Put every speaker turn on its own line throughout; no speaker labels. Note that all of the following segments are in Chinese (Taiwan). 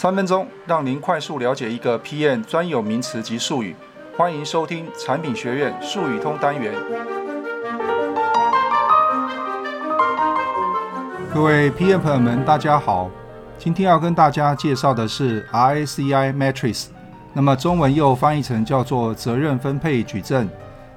三分鐘讓您快速了解一個 PM 專有名詞及術語，歡迎收聽產品學院術語通單元。各位 PM 朋友們，大家好，今天要跟大家介紹的是 RACI Matrix，那麼中文又翻譯成叫做責任分配矩陣。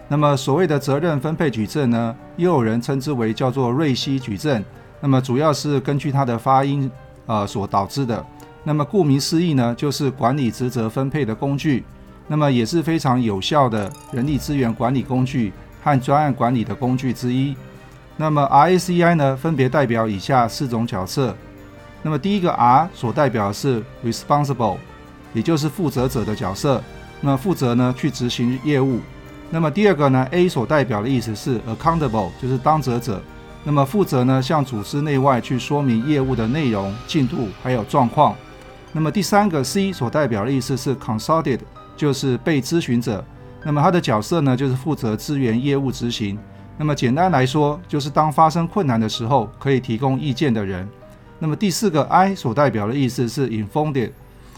那麼所謂的責任分配矩陣呢，又有人稱之為叫做銳西矩陣，那麼主要是根據它的發音啊、呃、所導致的。那麼顧名思義呢，就是管理職責分配的工具，那麼也是非常有效的人力資源管理工具和專案管理的工具之一。那麼 RACI 呢，分別代表以下四種角色。那麼第一個 R 所代表的是 Responsible，也就是負責者的角色，那麼負責呢去執行業務。那麼第二個呢 A 所代表的意思是 Accountable，就是當責者，那麼負責呢向組織內外去說明業務的內容、進度還有狀況。那麼第三個 C 所代表的意思是 consulted，就是被諮詢者。那麼他的角色呢，就是負責支援業務執行。那麼簡單來說，就是當發生困難的時候，可以提供意見的人。那麼第四個 I 所代表的意思是 informed，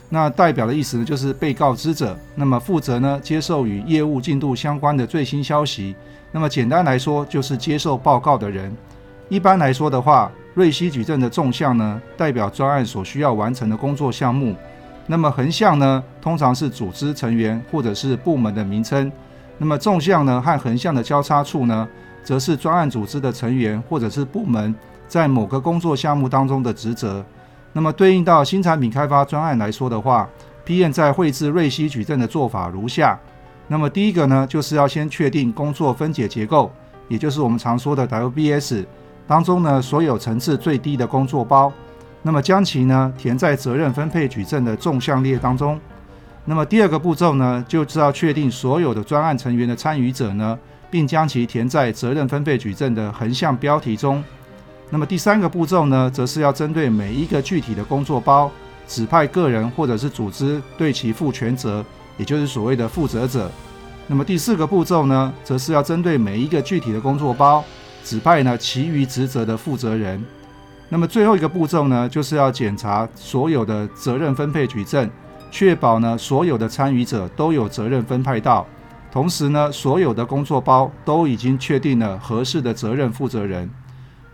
那代表的意思呢，就是被告知者。那麼負責呢，接受與業務進度相關的最新消息。那麼簡單來說，就是接受報告的人。一般來說的話。瑞西矩陣的縱向呢，代表專案所需要完成的工作項目；那麼橫向呢，通常是組織成員或者是部門的名稱；那麼縱向呢和橫向的交叉處呢，則是專案組織的成員或者是部門在某個工作項目當中的職責。那麼對應到新產品開發專案來說的話，PM 在繪制瑞西矩陣的做法如下：那麼第一個呢，就是要先確定工作分解結構，也就是我們常說的 WBS。當中呢，所有層次最低的工作包，那麼將其呢填在責任分配矩陣的縱向列當中。那麼第二個步驟呢，就是要確定所有的專案成員的參與者呢，並將其填在責任分配矩陣的橫向標題中。那麼第三個步驟呢，則是要針對每一個具體的工作包，指派個人或者是組織對其負全責，也就是所謂的負責者。那麼第四個步驟呢，則是要針對每一個具體的工作包。指派呢，其餘職責的負責人。那麼最後一個步驟呢，就是要檢查所有的責任分配矩陣，確保呢所有的參與者都有責任分配到。同時呢，所有的工作包都已經確定了合適的責任負責人。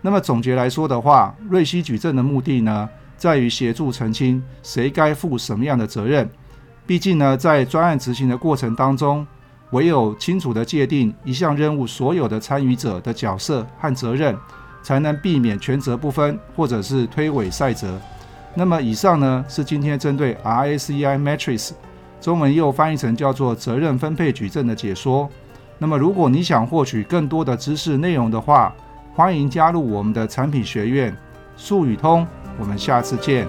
那麼總結來說的話，銳西矩陣的目的呢，在於協助澄清誰該負什麼樣的責任。畢竟呢，在專案執行的過程當中，唯有清楚地界定一項任務所有的參與者的角色和責任，才能避免權責不分或者是推諉塞責。那麼以上呢是今天針對 RACI Matrix，中文又翻譯成叫做責任分配矩陣的解說。那麼如果你想獲取更多的知識內容的話，歡迎加入我們的產品學院術語通。我們下次見。